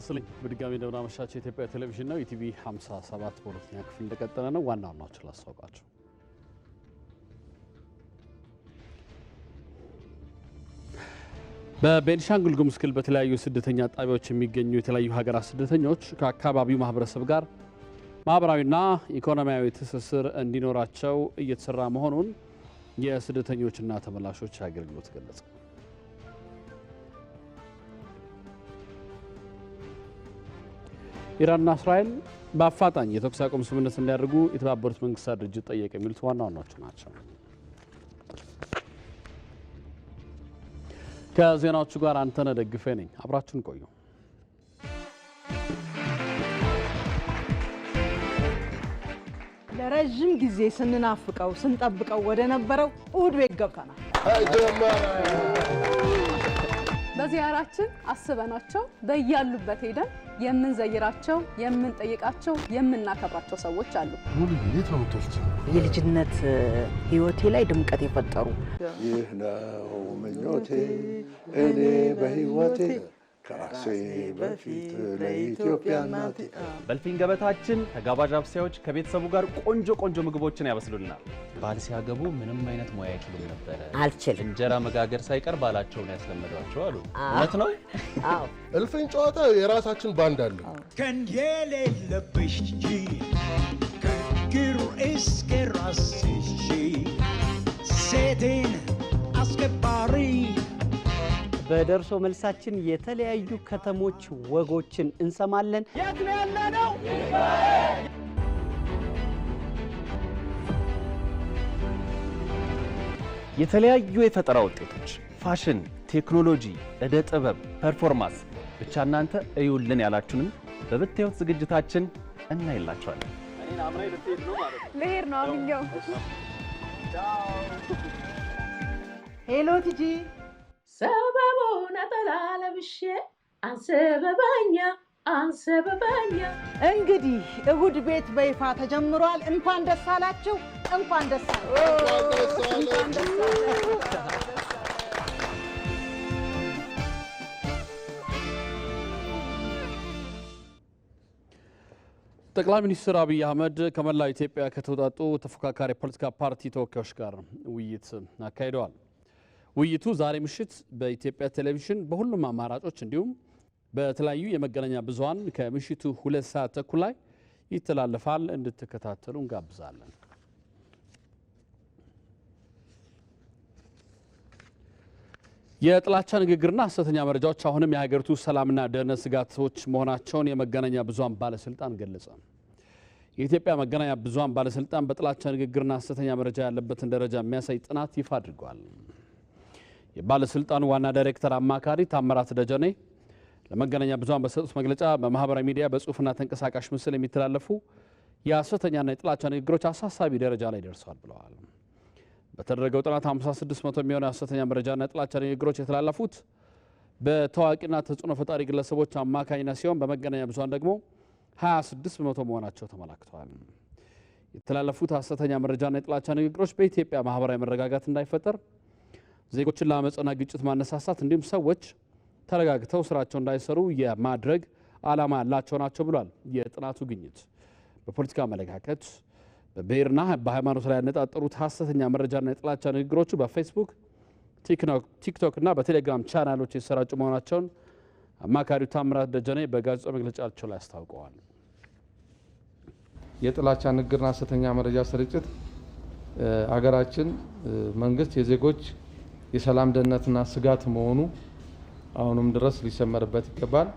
ይስጥልኝ በድጋሚ እንደምናመሻቸው የኢትዮጵያ ቴሌቪዥን ነው። ኢቲቪ 57 በሁለተኛ ክፍል እንደቀጠለ ነው። ዋና ዋናዎችን ላስታውቃቸው። በቤኒሻንጉል ጉሙዝ ክልል በተለያዩ ስደተኛ ጣቢያዎች የሚገኙ የተለያዩ ሀገራት ስደተኞች ከአካባቢው ማህበረሰብ ጋር ማህበራዊና ኢኮኖሚያዊ ትስስር እንዲኖራቸው እየተሰራ መሆኑን የስደተኞችና ተመላሾች አገልግሎት ገለጸ። ኢራንና እስራኤል በአፋጣኝ የተኩስ አቁም ስምምነት እንዲያደርጉ የተባበሩት መንግስታት ድርጅት ጠየቀ የሚሉት ዋና ዋናዎቹ ናቸው። ከዜናዎቹ ጋር አንተነህ ደግፌ ነኝ። አብራችን ቆዩ። ለረዥም ጊዜ ስንናፍቀው ስንጠብቀው ወደ ነበረው እሁድ ቤት ገብተናል። በዚያራችን አስበናቸው በያሉበት ሄደን የምንዘይራቸው፣ የምንጠይቃቸው፣ የምናከብራቸው ሰዎች አሉ። የልጅነት ህይወቴ ላይ ድምቀት የፈጠሩ ይህ ነው ምኞቴ እኔ በህይወቴ ከራሴ ገበታችን ተጋባዥ አብሳዮች ከቤተሰቡ ጋር ቆንጆ ቆንጆ ምግቦችን ያበስሉናል። ባል ሲያገቡ ምንም አይነት ሙያ አይችሉም ነበረ። አልችልም እንጀራ መጋገር ሳይቀር ባላቸውን ያስለመዷቸው አሉ። እውነት ነው። እልፍኝ ጨዋታ የራሳችን ባንድ አለ። ከንየሌለብሽ እስከ ራስሽ ሴቴን አስከባሪ በደርሶ መልሳችን የተለያዩ ከተሞች ወጎችን እንሰማለን። የት ነው የተለያዩ የፈጠራ ውጤቶች ፋሽን፣ ቴክኖሎጂ፣ እደ ጥበብ፣ ፐርፎርማንስ ብቻ እናንተ እዩልን ያላችሁንም በብታዩት ዝግጅታችን እናይላቸዋለን። ነው ሄሎ ቲጂ ለብሼ አንሰበባኛ አንሰበባኛ። እንግዲህ እሑድ ቤት በይፋ ተጀምሯል። እንኳን ደስ አላችሁ፣ እንኳን ደስ አላችሁ። ጠቅላይ ሚኒስትር አብይ አህመድ ከመላው ኢትዮጵያ ከተውጣጡ ተፎካካሪ የፖለቲካ ፓርቲ ተወካዮች ጋር ውይይት አካሂደዋል። ውይይቱ ዛሬ ምሽት በኢትዮጵያ ቴሌቪዥን በሁሉም አማራጮች እንዲሁም በተለያዩ የመገናኛ ብዙሀን ከምሽቱ ሁለት ሰዓት ተኩል ላይ ይተላለፋል። እንድትከታተሉ እንጋብዛለን። የጥላቻ ንግግርና ሐሰተኛ መረጃዎች አሁንም የሀገሪቱ ሰላምና ደህንነት ስጋቶች መሆናቸውን የመገናኛ ብዙሀን ባለስልጣን ገለጸ። የኢትዮጵያ መገናኛ ብዙሀን ባለስልጣን በጥላቻ ንግግርና ሐሰተኛ መረጃ ያለበትን ደረጃ የሚያሳይ ጥናት ይፋ አድርጓል። የባለስልጣኑ ዋና ዳይሬክተር አማካሪ ታምራት ደጀኔ ለመገናኛ ብዙሃን በሰጡት መግለጫ በማህበራዊ ሚዲያ በጽሁፍና ተንቀሳቃሽ ምስል የሚተላለፉ የሐሰተኛና የጥላቻ ንግግሮች አሳሳቢ ደረጃ ላይ ደርሰዋል ብለዋል። በተደረገው ጥናት 56 መቶ የሚሆኑ የሐሰተኛ መረጃና የጥላቻ ንግግሮች የተላለፉት በታዋቂና ተጽዕኖ ፈጣሪ ግለሰቦች አማካኝነት ሲሆን በመገናኛ ብዙሃን ደግሞ 26 በመቶ መሆናቸው ተመላክተዋል። የተላለፉት ሐሰተኛ መረጃና የጥላቻ ንግግሮች በኢትዮጵያ ማህበራዊ መረጋጋት እንዳይፈጠር ዜጎችን ለአመፅና ግጭት ማነሳሳት እንዲሁም ሰዎች ተረጋግተው ስራቸው እንዳይሰሩ የማድረግ ዓላማ ያላቸው ናቸው ብሏል። የጥናቱ ግኝት በፖለቲካ አመለካከት፣ በብሔርና በሃይማኖት ላይ ያነጣጠሩት ሀሰተኛ መረጃና የጥላቻ ንግግሮቹ በፌስቡክ ቲክቶክ እና በቴሌግራም ቻናሎች የተሰራጩ መሆናቸውን አማካሪው ታምራት ደጀኔ በጋዜጣዊ መግለጫቸው ላይ አስታውቀዋል። የጥላቻ ንግግርና ሀሰተኛ መረጃ ስርጭት አገራችን መንግስት የዜጎች የሰላም ደህንነትና ስጋት መሆኑ አሁንም ድረስ ሊሰመርበት ይገባል።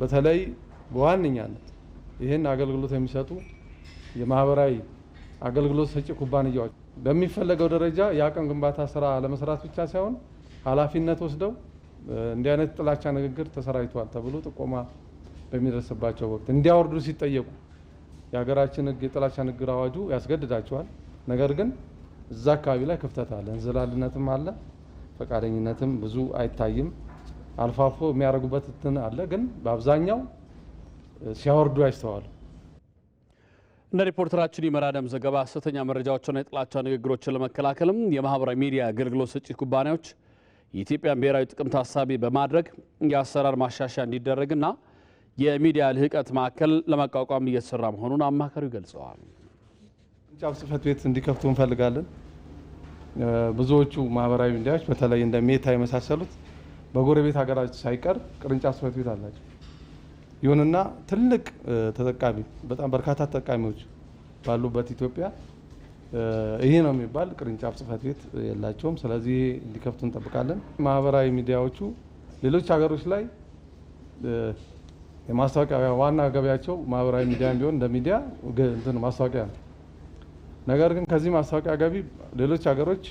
በተለይ በዋነኛነት ይህን አገልግሎት የሚሰጡ የማህበራዊ አገልግሎት ሰጪ ኩባንያዎች በሚፈለገው ደረጃ የአቅም ግንባታ ስራ ለመስራት ብቻ ሳይሆን ኃላፊነት ወስደው እንዲህ አይነት ጥላቻ ንግግር ተሰራጅቷል ተብሎ ጥቆማ በሚደርስባቸው ወቅት እንዲያወርዱ ሲጠየቁ የሀገራችን ሕግ የጥላቻ ንግግር አዋጁ ያስገድዳቸዋል። ነገር ግን እዛ አካባቢ ላይ ክፍተት አለ፣ እንዝላልነትም አለ፣ ፈቃደኝነትም ብዙ አይታይም። አልፋፎ የሚያደርጉበት እንትን አለ፣ ግን በአብዛኛው ሲያወርዱ አይስተዋሉ። እንደ ሪፖርተራችን የመራደም ዘገባ ሐሰተኛ መረጃዎችና የጥላቻ ንግግሮችን ለመከላከልም የማህበራዊ ሚዲያ አገልግሎት ሰጪ ኩባንያዎች የኢትዮጵያን ብሔራዊ ጥቅም ታሳቢ በማድረግ የአሰራር ማሻሻያ እንዲደረግና የሚዲያ ልህቀት ማዕከል ለማቋቋም እየተሰራ መሆኑን አማካሪው ገልጸዋል። ቅርንጫፍ ጽህፈት ቤት እንዲከፍቱ እንፈልጋለን። ብዙዎቹ ማህበራዊ ሚዲያዎች በተለይ እንደ ሜታ የመሳሰሉት በጎረቤት ሀገራች ሳይቀር ቅርንጫፍ ጽህፈት ቤት አላቸው። ይሁንና ትልቅ ተጠቃሚ በጣም በርካታ ተጠቃሚዎች ባሉበት ኢትዮጵያ ይሄ ነው የሚባል ቅርንጫፍ ጽህፈት ቤት የላቸውም። ስለዚህ እንዲከፍቱ እንጠብቃለን። ማህበራዊ ሚዲያዎቹ ሌሎች ሀገሮች ላይ የማስታወቂያ ዋና ገበያቸው ማህበራዊ ሚዲያ ቢሆን እንደ ሚዲያ ማስታወቂያ ነው። ነገር ግን ከዚህ ማስታወቂያ ገቢ ሌሎች ሀገሮች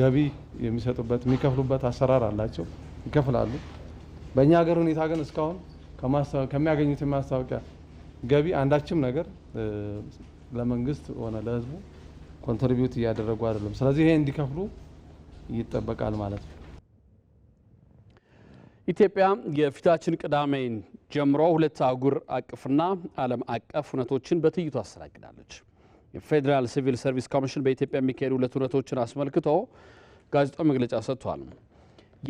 ገቢ የሚሰጡበት የሚከፍሉበት አሰራር አላቸው፣ ይከፍላሉ። በእኛ ሀገር ሁኔታ ግን እስካሁን ከሚያገኙት የማስታወቂያ ገቢ አንዳችም ነገር ለመንግስት ሆነ ለህዝቡ ኮንትሪቢዩት እያደረጉ አይደለም። ስለዚህ ይሄ እንዲከፍሉ ይጠበቃል ማለት ነው። ኢትዮጵያ የፊታችን ቅዳሜ ጀምሮ ሁለት አህጉር አቅፍና ዓለም አቀፍ ሁነቶችን በትይቱ አስተናግዳለች። የፌዴራል ሲቪል ሰርቪስ ኮሚሽን በኢትዮጵያ የሚካሄዱ ሁለት ሁነቶችን አስመልክቶ ጋዜጣዊ መግለጫ ሰጥቷል።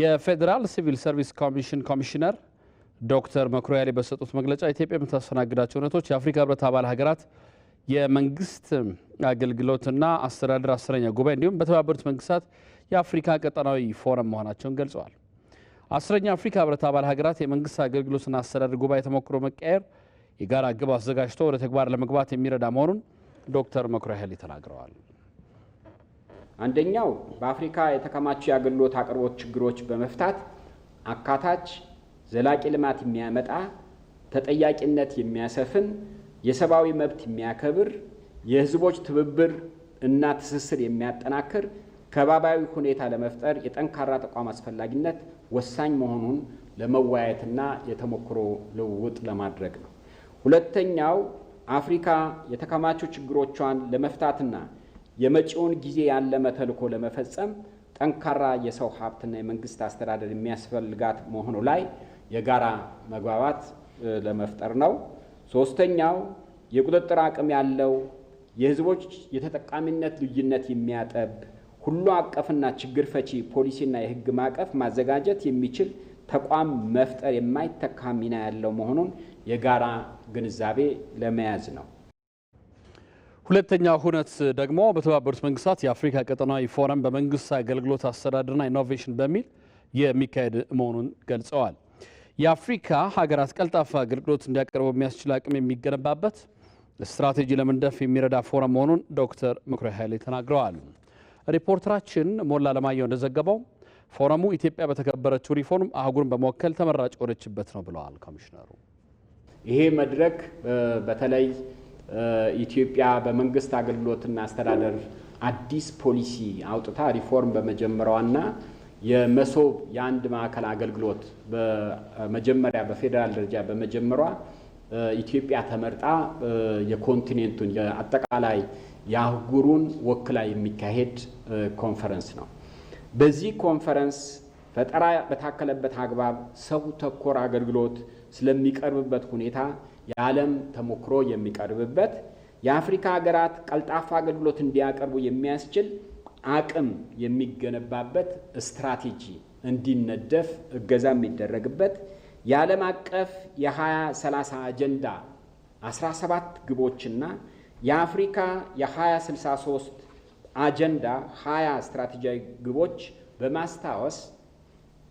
የፌዴራል ሲቪል ሰርቪስ ኮሚሽን ኮሚሽነር ዶክተር መኩሪያ በሰጡት መግለጫ ኢትዮጵያ የምታስተናግዳቸው ሁነቶች የአፍሪካ ህብረት አባል ሀገራት የመንግስት አገልግሎትና አስተዳደር አስረኛ ጉባኤ እንዲሁም በተባበሩት መንግስታት የአፍሪካ ቀጠናዊ ፎረም መሆናቸውን ገልጸዋል። አስረኛ አፍሪካ ህብረት አባል ሀገራት የመንግስት አገልግሎትና አስተዳደር ጉባኤ ተሞክሮ መቀየር የጋራ ግብ አዘጋጅቶ ወደ ተግባር ለመግባት የሚረዳ መሆኑን ዶክተር መኩሪያ ያህል ተናግረዋል። አንደኛው በአፍሪካ የተከማቹ የአገልግሎት አቅርቦት ችግሮች በመፍታት አካታች ዘላቂ ልማት የሚያመጣ ተጠያቂነት የሚያሰፍን የሰብአዊ መብት የሚያከብር የህዝቦች ትብብር እና ትስስር የሚያጠናክር ከባባዊ ሁኔታ ለመፍጠር የጠንካራ ተቋም አስፈላጊነት ወሳኝ መሆኑን ለመወያየትና የተሞክሮ ልውውጥ ለማድረግ ነው። ሁለተኛው አፍሪካ የተከማቹ ችግሮቿን ለመፍታትና የመጪውን ጊዜ ያለመ ተልዕኮ ለመፈጸም ጠንካራ የሰው ሀብትና የመንግስት አስተዳደር የሚያስፈልጋት መሆኑ ላይ የጋራ መግባባት ለመፍጠር ነው። ሶስተኛው የቁጥጥር አቅም ያለው የህዝቦች የተጠቃሚነት ልዩነት የሚያጠብ ሁሉ አቀፍና ችግር ፈቺ ፖሊሲና የህግ ማዕቀፍ ማዘጋጀት የሚችል ተቋም መፍጠር የማይተካ ሚና ያለው መሆኑን የጋራ ግንዛቤ ለመያዝ ነው። ሁለተኛ ሁነት ደግሞ በተባበሩት መንግስታት የአፍሪካ ቀጠናዊ ፎረም በመንግስት አገልግሎት አስተዳደርና ኢኖቬሽን በሚል የሚካሄድ መሆኑን ገልጸዋል። የአፍሪካ ሀገራት ቀልጣፋ አገልግሎት እንዲያቀርቡ የሚያስችል አቅም የሚገነባበት ስትራቴጂ ለመንደፍ የሚረዳ ፎረም መሆኑን ዶክተር ምክረ ኃይሌ ተናግረዋል። ሪፖርተራችን ሞላ ለማየው እንደዘገበው ፎረሙ ኢትዮጵያ በተከበረችው ሪፎርም አህጉርን በመወከል ተመራጭ የሆነችበት ነው ብለዋል ኮሚሽነሩ። ይሄ መድረክ በተለይ ኢትዮጵያ በመንግስት አገልግሎትና አስተዳደር አዲስ ፖሊሲ አውጥታ ሪፎርም በመጀመሯና የመሶብ የአንድ ማዕከል አገልግሎት በመጀመሪያ በፌዴራል ደረጃ በመጀመሯ ኢትዮጵያ ተመርጣ የኮንቲኔንቱን የአጠቃላይ የአህጉሩን ወክላ የሚካሄድ ኮንፈረንስ ነው። በዚህ ኮንፈረንስ ፈጠራ በታከለበት አግባብ ሰው ተኮር አገልግሎት ስለሚቀርብበት ሁኔታ የዓለም ተሞክሮ የሚቀርብበት የአፍሪካ ሀገራት ቀልጣፋ አገልግሎት እንዲያቀርቡ የሚያስችል አቅም የሚገነባበት ስትራቴጂ እንዲነደፍ እገዛ የሚደረግበት የዓለም አቀፍ የ2030 አጀንዳ 17 ግቦችና የአፍሪካ የ2063 አጀንዳ 20 ስትራቴጂያዊ ግቦች በማስታወስ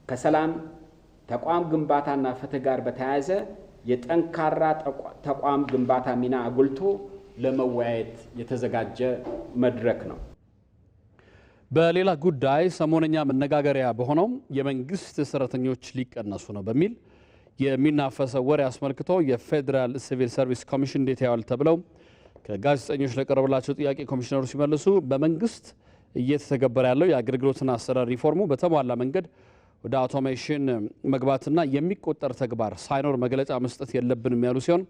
ከሰላም ተቋም ግንባታና ፍትህ ጋር በተያያዘ የጠንካራ ተቋም ግንባታ ሚና አጉልቶ ለመወያየት የተዘጋጀ መድረክ ነው። በሌላ ጉዳይ ሰሞነኛ መነጋገሪያ በሆነው የመንግስት ሰራተኞች ሊቀነሱ ነው በሚል የሚናፈሰው ወሬ አስመልክቶ የፌዴራል ሲቪል ሰርቪስ ኮሚሽን እንዴት ያዋል ተብለው ከጋዜጠኞች ለቀረበላቸው ጥያቄ ኮሚሽነሩ ሲመልሱ በመንግስት እየተተገበረ ያለው የአገልግሎትና አሰራር ሪፎርሙ በተሟላ መንገድ ወደ አውቶሜሽን መግባትና የሚቆጠር ተግባር ሳይኖር መግለጫ መስጠት የለብንም ያሉ ሲሆን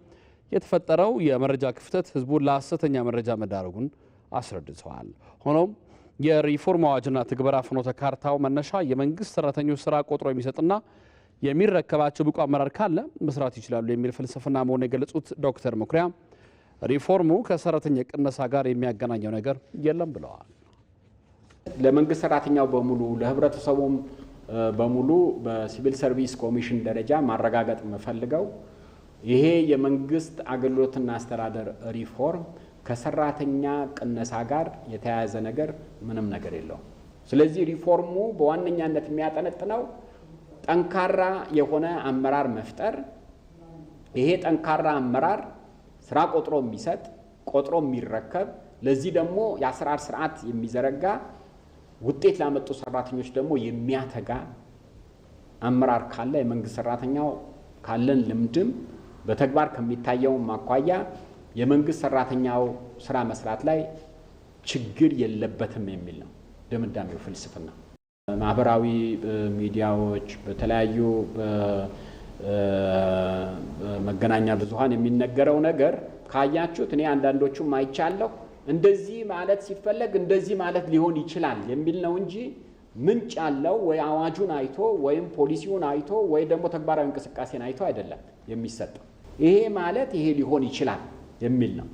የተፈጠረው የመረጃ ክፍተት ህዝቡን ለሐሰተኛ መረጃ መዳረጉን አስረድተዋል። ሆኖም የሪፎርም አዋጅና ትግበራ ፍኖተ ካርታው መነሻ የመንግስት ሰራተኞች ስራ ቆጥሮ የሚሰጥና የሚረከባቸው ብቁ አመራር ካለ መስራት ይችላሉ የሚል ፍልስፍና መሆኑን የገለጹት ዶክተር መኩሪያ ሪፎርሙ ከሰራተኛ ቅነሳ ጋር የሚያገናኘው ነገር የለም ብለዋል። ለመንግስት ሰራተኛው በሙሉ ለህብረተሰቡም በሙሉ በሲቪል ሰርቪስ ኮሚሽን ደረጃ ማረጋገጥ የምፈልገው ይሄ የመንግስት አገልግሎትና አስተዳደር ሪፎርም ከሰራተኛ ቅነሳ ጋር የተያያዘ ነገር ምንም ነገር የለውም። ስለዚህ ሪፎርሙ በዋነኛነት የሚያጠነጥነው ጠንካራ የሆነ አመራር መፍጠር ይሄ ጠንካራ አመራር ስራ ቆጥሮ የሚሰጥ ቆጥሮ የሚረከብ ለዚህ ደግሞ የአሰራር ስርዓት የሚዘረጋ ውጤት ላመጡ ሰራተኞች ደግሞ የሚያተጋ አመራር ካለ የመንግስት ሰራተኛው ካለን ልምድም በተግባር ከሚታየው አኳያ የመንግስት ሰራተኛው ስራ መስራት ላይ ችግር የለበትም የሚል ነው ድምዳሜው ፍልስፍና። ማህበራዊ ሚዲያዎች በተለያዩ መገናኛ ብዙኃን የሚነገረው ነገር ካያችሁት፣ እኔ አንዳንዶቹም አይቻለሁ። እንደዚህ ማለት ሲፈለግ እንደዚህ ማለት ሊሆን ይችላል የሚል ነው እንጂ ምንጭ ያለው ወይ አዋጁን አይቶ ወይም ፖሊሲውን አይቶ ወይ ደግሞ ተግባራዊ እንቅስቃሴን አይቶ አይደለም የሚሰጠው። ይሄ ማለት ይሄ ሊሆን ይችላል የሚል ነው።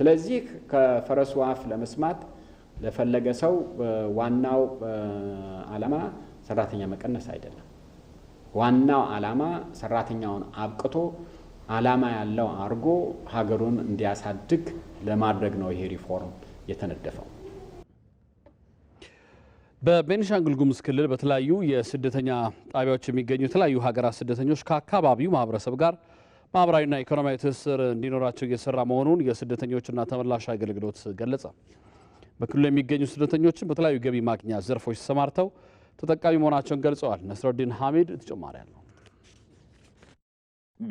ስለዚህ ከፈረሱ አፍ ለመስማት ለፈለገ ሰው ዋናው ዓላማ ሰራተኛ መቀነስ አይደለም። ዋናው ዓላማ ሰራተኛውን አብቅቶ ዓላማ ያለው አድርጎ ሀገሩን እንዲያሳድግ ለማድረግ ነው ይሄ ሪፎርም የተነደፈው። በቤኒሻንጉል ጉሙዝ ክልል በተለያዩ የስደተኛ ጣቢያዎች የሚገኙ የተለያዩ ሀገራት ስደተኞች ከአካባቢው ማህበረሰብ ጋር ማህበራዊና ኢኮኖሚያዊ ትስስር እንዲኖራቸው እየሰራ መሆኑን የስደተኞችና ተመላሽ አገልግሎት ገለጸ። በክልሉ የሚገኙ ስደተኞችን በተለያዩ ገቢ ማግኛ ዘርፎች ተሰማርተው ተጠቃሚ መሆናቸውን ገልጸዋል። ነስረዲን ሐሚድ ተጨማሪ ያለው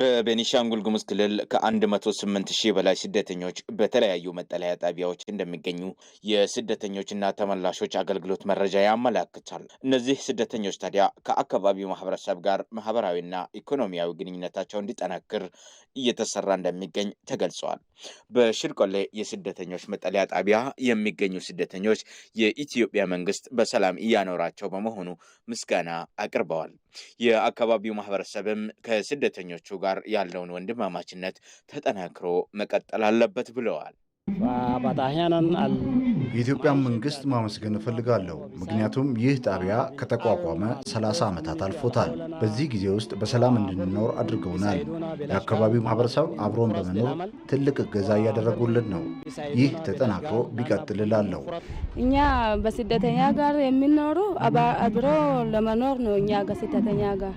በቤኒሻንጉል ጉሙዝ ክልል ከ108 ሺህ በላይ ስደተኞች በተለያዩ መጠለያ ጣቢያዎች እንደሚገኙ የስደተኞችና ተመላሾች አገልግሎት መረጃ ያመላክታል። እነዚህ ስደተኞች ታዲያ ከአካባቢው ማህበረሰብ ጋር ማህበራዊና ኢኮኖሚያዊ ግንኙነታቸው እንዲጠናክር እየተሰራ እንደሚገኝ ተገልጸዋል። በሽርቆሌ የስደተኞች መጠለያ ጣቢያ የሚገኙ ስደተኞች የኢትዮጵያ መንግስት በሰላም እያኖራቸው በመሆኑ ምስጋና አቅርበዋል። የአካባቢው ማህበረሰብም ከስደተኞቹ ጋር ያለውን ወንድማማችነት ተጠናክሮ መቀጠል አለበት ብለዋል። የኢትዮጵያን መንግስት ማመስገን እፈልጋለሁ። ምክንያቱም ይህ ጣቢያ ከተቋቋመ 30 ዓመታት አልፎታል። በዚህ ጊዜ ውስጥ በሰላም እንድንኖር አድርገውናል። የአካባቢው ማህበረሰብ አብሮን በመኖር ትልቅ እገዛ እያደረጉልን ነው። ይህ ተጠናክሮ ቢቀጥልላለሁ። እኛ በስደተኛ ጋር የሚኖሩ አብሮ ለመኖር ነው። እኛ ከስደተኛ ጋር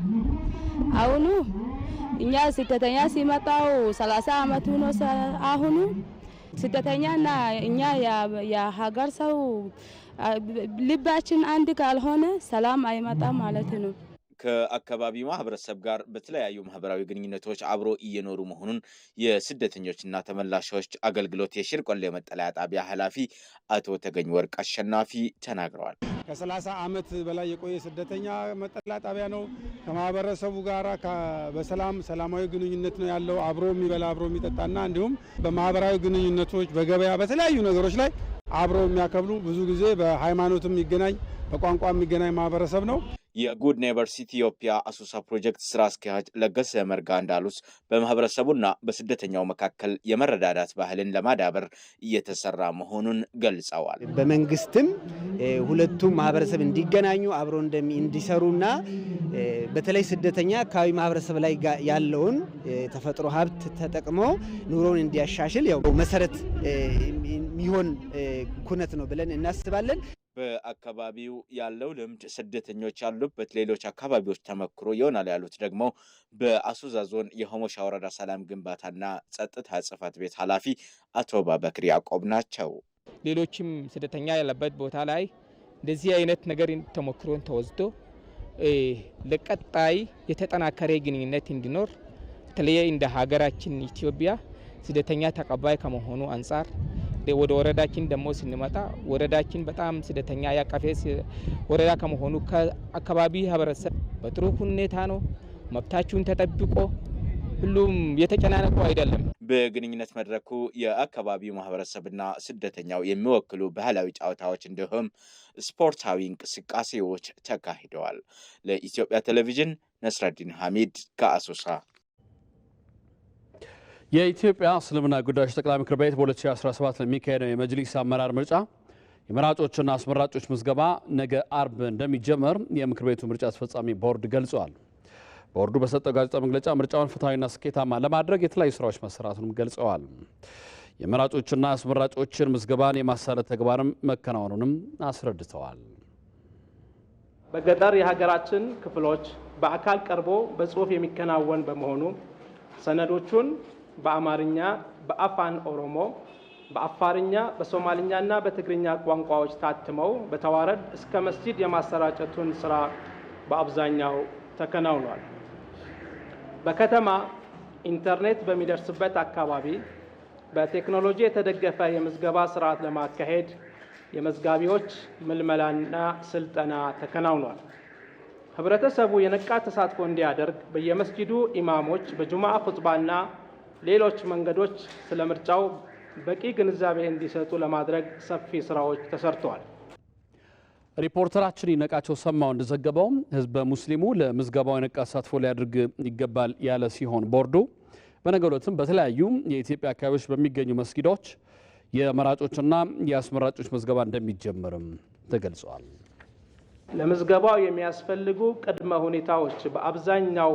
አሁኑ እኛ ስደተኛ ሲመጣው ሰላሳ አመቱ ነው አሁኑ ስደተኛና እኛ የሀገር ሰው ልባችን አንድ ካልሆነ ሰላም አይመጣም ማለት ነው። ከአካባቢው ማህበረሰብ ጋር በተለያዩ ማህበራዊ ግንኙነቶች አብሮ እየኖሩ መሆኑን የስደተኞችና ተመላሾች አገልግሎት የሽርቆሌ መጠለያ ጣቢያ ኃላፊ አቶ ተገኝ ወርቅ አሸናፊ ተናግረዋል። ከሰላሳ ዓመት በላይ የቆየ ስደተኛ መጠለያ ጣቢያ ነው። ከማህበረሰቡ ጋር በሰላም ሰላማዊ ግንኙነት ነው ያለው። አብሮ የሚበላ አብሮ የሚጠጣና እንዲሁም በማህበራዊ ግንኙነቶች፣ በገበያ በተለያዩ ነገሮች ላይ አብሮ የሚያከብሉ ብዙ ጊዜ በሃይማኖትም የሚገናኝ በቋንቋ የሚገናኝ ማህበረሰብ ነው። የጉድ ኔበርስ ኢትዮጵያ አሶሳ ፕሮጀክት ስራ አስኪያጅ ለገሰ መርጋ እንዳሉት በማህበረሰቡና በስደተኛው መካከል የመረዳዳት ባህልን ለማዳበር እየተሰራ መሆኑን ገልጸዋል። በመንግስትም ሁለቱም ማህበረሰብ እንዲገናኙ አብሮ እንዲሰሩና በተለይ ስደተኛ አካባቢ ማህበረሰብ ላይ ያለውን ተፈጥሮ ሀብት ተጠቅሞ ኑሮን እንዲያሻሽል ያው መሰረት የሚሆን ኩነት ነው ብለን እናስባለን። በአካባቢው ያለው ልምድ ስደተኞች ያሉበት ሌሎች አካባቢዎች ተመክሮ ይሆናል ያሉት ደግሞ በአሶሳ ዞን የሆሞሻ ወረዳ ሰላም ግንባታና ጸጥታ ጽሕፈት ቤት ኃላፊ አቶ ባበክር ያዕቆብ ናቸው። ሌሎችም ስደተኛ ያለበት ቦታ ላይ እንደዚህ አይነት ነገር ተሞክሮን ተወስዶ ለቀጣይ የተጠናከረ ግንኙነት እንዲኖር በተለየ እንደ ሀገራችን ኢትዮጵያ ስደተኛ ተቀባይ ከመሆኑ አንጻር ወደ ወረዳችን ደግሞ ስንመጣ ወረዳችን በጣም ስደተኛ ያቀፈ ወረዳ ከመሆኑ ከአካባቢ ህብረተሰብ በጥሩ ሁኔታ ነው። መብታችሁን ተጠብቆ ሁሉም የተጨናነቁ አይደለም። በግንኙነት መድረኩ የአካባቢው ማህበረሰብና ስደተኛው የሚወክሉ ባህላዊ ጨዋታዎች እንዲሁም ስፖርታዊ እንቅስቃሴዎች ተካሂደዋል። ለኢትዮጵያ ቴሌቪዥን ነስረዲን ሐሚድ ከአሶሳ የኢትዮጵያ እስልምና ጉዳዮች ጠቅላይ ምክር ቤት በ2017 ለሚካሄደው የመጅሊስ አመራር ምርጫ የመራጮችና አስመራጮች ምዝገባ ነገ አርብ እንደሚጀመር የምክር ቤቱ ምርጫ አስፈጻሚ ቦርድ ገልጿል። ቦርዱ በሰጠው ጋዜጣ መግለጫ ምርጫውን ፍትሐዊና ስኬታማ ለማድረግ የተለያዩ ስራዎች መሰራቱንም ገልጸዋል። የመራጮችና አስመራጮችን ምዝገባን የማሳለት ተግባርም መከናወኑንም አስረድተዋል። በገጠር የሀገራችን ክፍሎች በአካል ቀርቦ በጽሁፍ የሚከናወን በመሆኑ ሰነዶቹን በአማርኛ፣ በአፋን ኦሮሞ፣ በአፋርኛ፣ በሶማልኛና በትግርኛ ቋንቋዎች ታትመው በተዋረድ እስከ መስጂድ የማሰራጨቱን ስራ በአብዛኛው ተከናውኗል። በከተማ ኢንተርኔት በሚደርስበት አካባቢ በቴክኖሎጂ የተደገፈ የምዝገባ ስርዓት ለማካሄድ የመዝጋቢዎች ምልመላና ስልጠና ተከናውኗል። ህብረተሰቡ የነቃ ተሳትፎ እንዲያደርግ በየመስጂዱ ኢማሞች በጁማ ኹጥባና ሌሎች መንገዶች ስለ ምርጫው በቂ ግንዛቤ እንዲሰጡ ለማድረግ ሰፊ ስራዎች ተሰርተዋል። ሪፖርተራችን ይነቃቸው ሰማው እንደዘገበውም ህዝበ ሙስሊሙ ለምዝገባው የነቃ ተሳትፎ ሊያደርግ ይገባል ያለ ሲሆን ቦርዱ በነገ ዕለትም በተለያዩ የኢትዮጵያ አካባቢዎች በሚገኙ መስጊዶች የመራጮችና የአስመራጮች ምዝገባ እንደሚጀምርም ተገልጿል። ለምዝገባው የሚያስፈልጉ ቅድመ ሁኔታዎች በአብዛኛው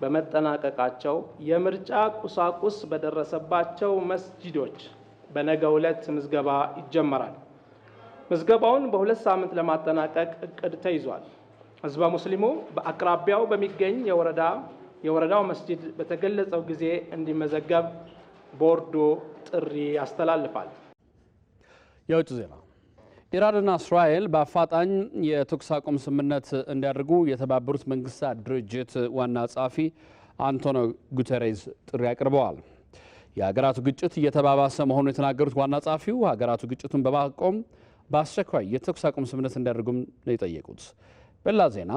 በመጠናቀቃቸው የምርጫ ቁሳቁስ በደረሰባቸው መስጂዶች በነገ ዕለት ምዝገባ ይጀመራል። ምዝገባውን በሁለት ሳምንት ለማጠናቀቅ እቅድ ተይዟል። ህዝበ ሙስሊሙ በአቅራቢያው በሚገኝ የወረዳ የወረዳው መስጂድ በተገለጸው ጊዜ እንዲመዘገብ ቦርዶ ጥሪ ያስተላልፋል። የውጭ ዜና ኢራንና እስራኤል በአፋጣኝ የተኩስ አቁም ስምምነት እንዲያደርጉ የተባበሩት መንግስታት ድርጅት ዋና ጸሐፊ አንቶኒዮ ጉተሬዝ ጥሪ አቅርበዋል። የሀገራቱ ግጭት እየተባባሰ መሆኑን የተናገሩት ዋና ጸሐፊው ሀገራቱ ግጭቱን በማቆም በአስቸኳይ የተኩስ አቁም ስምምነት እንዲያደርጉም ነው የጠየቁት። በሌላ ዜና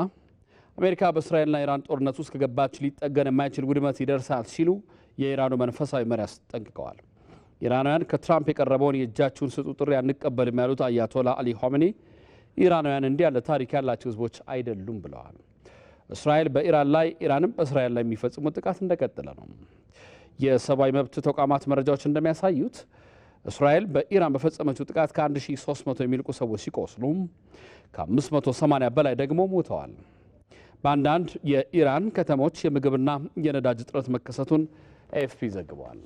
አሜሪካ በእስራኤልና ኢራን ጦርነት ውስጥ ከገባች ሊጠገን የማይችል ውድመት ይደርሳል ሲሉ የኢራኑ መንፈሳዊ መሪ አስጠንቅቀዋል። ኢራናውያን ከትራምፕ የቀረበውን የእጃችሁን ስጡ ጥሪ አንቀበልም ያሉት አያቶላ አሊ ሆሜኒ ኢራናውያን እንዲህ ያለ ታሪክ ያላቸው ህዝቦች አይደሉም ብለዋል። እስራኤል በኢራን ላይ ኢራንም በእስራኤል ላይ የሚፈጽሙ ጥቃት እንደቀጠለ ነው። የሰብአዊ መብት ተቋማት መረጃዎች እንደሚያሳዩት እስራኤል በኢራን በፈጸመችው ጥቃት ከ1300 የሚልቁ ሰዎች ሲቆስሉም ከ580 በላይ ደግሞ ሞተዋል። በአንዳንድ የኢራን ከተሞች የምግብና የነዳጅ እጥረት መከሰቱን ኤኤፍፒ ዘግቧል።